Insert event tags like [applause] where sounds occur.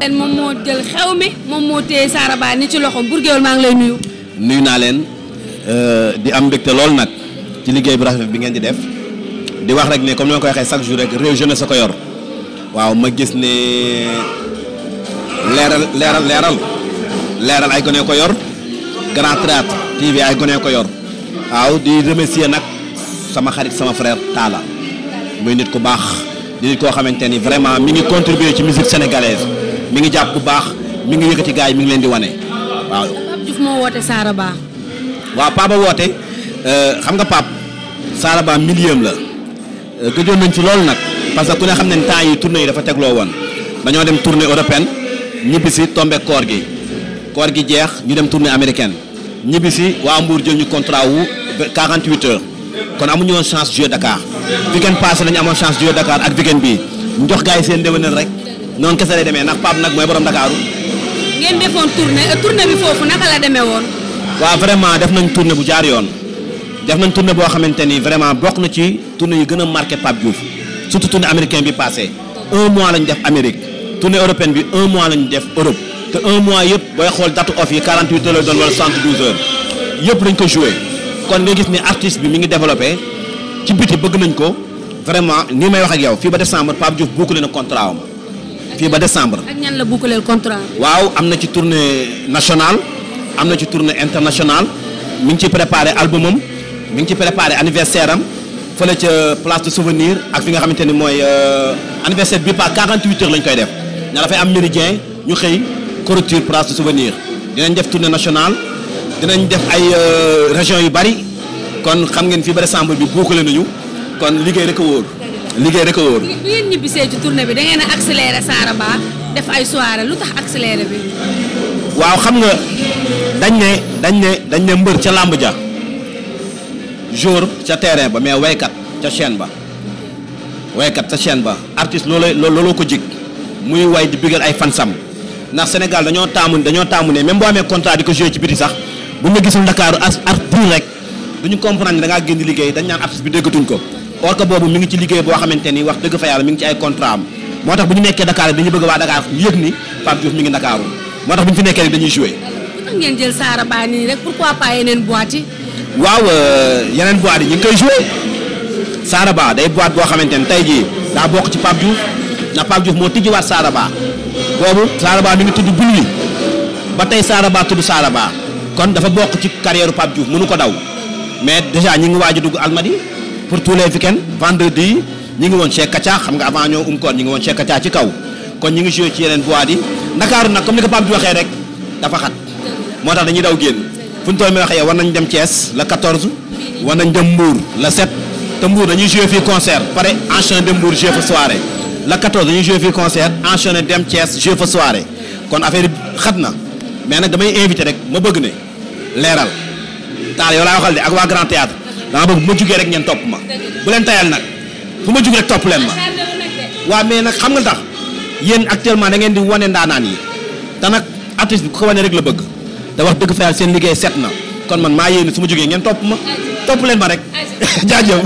leen moom moo jël xew mi moom moo téye Saara ni ci loxo Bour Gueweul maa ngi lay nuyu. nuyu naa leen euh, di am mbégte lool nag ci liggéey bu rafet bi ngeen di def di wax rek ne comme ni ma koy waxee chaque jour rek réew jeunesse sa ko yor waaw ma gis ne leeral leeral leeral leeral ay gone ko yor Grand Théâtre TV ay gone ko yor waaw di remercier nag. sama xarit sama frère Talla muy nit ku baax di nit koo xamante ni vraiment mi ngi contribuer ci musique sénégalaise mi ngi jàpp bu baax mi ngi yëkkati gars yi mi ngi leen di wane waaw. Pape Diouf moo woote Saraba. waaw Pape a woote euh, xam nga Pape Saraba millième la euh, gëjoon nañ ci loolu nag parce que ku ne xam ne temps yi tournée yi dafa tegloo woon dañoo dem tournée européenne ñibbisi tombé koor gi koor gi jeex ñu dem tournée américaine ñibbisi waa Mbour jël ñu contrat wu 48 heures. kon amuñu woon chance jouer Dakar weekend passé lañu amoon chance jouer Dakar ak weekend bii njox gars yi seen déwénal rek noonu kese lay demee ndax Pape nag mooy borom Dakar. ngeen defoon tournée euh, tournée bi foofu naka la demee woon. waaw vraiment def nañ tournée bu jaar yoon def nañ tournée boo xamante ni vraiment bokk na ci tournée yu gën a marqué Pape Diouf surtout tournée américain bi passé un mois lañ def Amérique tournée européenne bi un mois lañ def Europe te un mois yëpp booy xool date off yi 48 heures la doon wala 72 yëpp lañ ko joué. Quand nga gis ni artiste bi mi ngi développé ci biti bëgg nañ ko vraiment je may wax ak yow fii ba décembre Pape Diouf bouclé na contrat am contrats. ba décembre. ak ñan la bouclé contrat y a na ci tournée nationale am na ci tournée internationale mi ngi préparé album am mi ngi ci préparé anniversaire am fële ca place de souvenir ak fi nga xamante ni mooy euh, anniversaire bi pas 48 heures lañ koy def un dafay am méridien ñu une place de souvenir dinañ def tournée nationale. dinañ def ay euh, région yu bari kon xam ngeen fi par exemple bi bouclé nañu kon liggéey rek woor wóor liggéey rek woor bu ngeen ñibisé ci tournée bi da ngeen accélérer sara ba def ay soirée lu accélérer bi waaw xam nga dañ ne dañ ne dañ ne mbeur ci lamb ja jour ci terrain ba mais waykat ci chaîne ba waykat ca chaîne ba artiste lolo lolo ko jik muy way di bigal ay fansam ndax senegal dañoo taamu dañoo taamu ne même bo amé contrat diko jouer ci biti sax bu ne gisul Dakar as art bii rek duñu comprendre da ngaa génn liggéey dañ naan artiste bi déggatuñ ko or que boobu mi ngi ci liggéey bo xamanteni wax dëgg fa yalla mi ngi ci ay contrat am moo tax Dakar dañu bëgg wa Dakar yëg ni Pape Diouf mi ngi Dakar motax buñu fi nekké rek dañuy jouer tax ngeen jël sara Ba nii rek pourquoi pas yenen boîte waaw euh, yenen boîte yi ñu ngi koy jouer sara Ba day boîte bo xamanteni tay ji da bok ci pap Diouf na Pape Diouf tiji tijjiwaat sara Ba bobu sara Ba mi ngi tuddu Bulwi ba tay sara Ba tuddu sara Ba kon dafa bokk ci carrière Pape Diouf mënu ko daw mais déjà ñi ngi waaj a dugg Almadi pour tous fi week-ends vendredi ñi ngi woon chez Kacha xam nga avant ñoo um koon ñi ngi woon chez Kacha ci kaw kon ñi ngi joué ci yeneen bois yi Ndakaaru nag comme ni ko Pape waxee rek dafa xat moo tax dañuy daw génn fu ñu toll mi waxee war nañu dem Thiès la 14 war nañ dem Mbour le 7 te Mbour dañuy joué fi concert pare enchaîné dem Mbour joué fa soirée le 14 dañuy joué fii concert dem Thiès joué fa soirée kon affaire xat na mais nag damay invité rek ma bëgg ne leeral taal yow laay waxal de ak waa grand théâtre dama bëgg bu ma jugee rek ngeen topp ma bu leen tayal nag bu ma jug rek topp leen ma waa mais nag xam nga tax yéen actuellement da ngeen di wane ndaanaan yi te nag artiste bi ku ko wane rek la bëgg da wax dëgg fa yàlla seen liggéey set na kon man maa yéene su ma jugee ngeen topp ma topp leen ma rek [laughs] jaajëf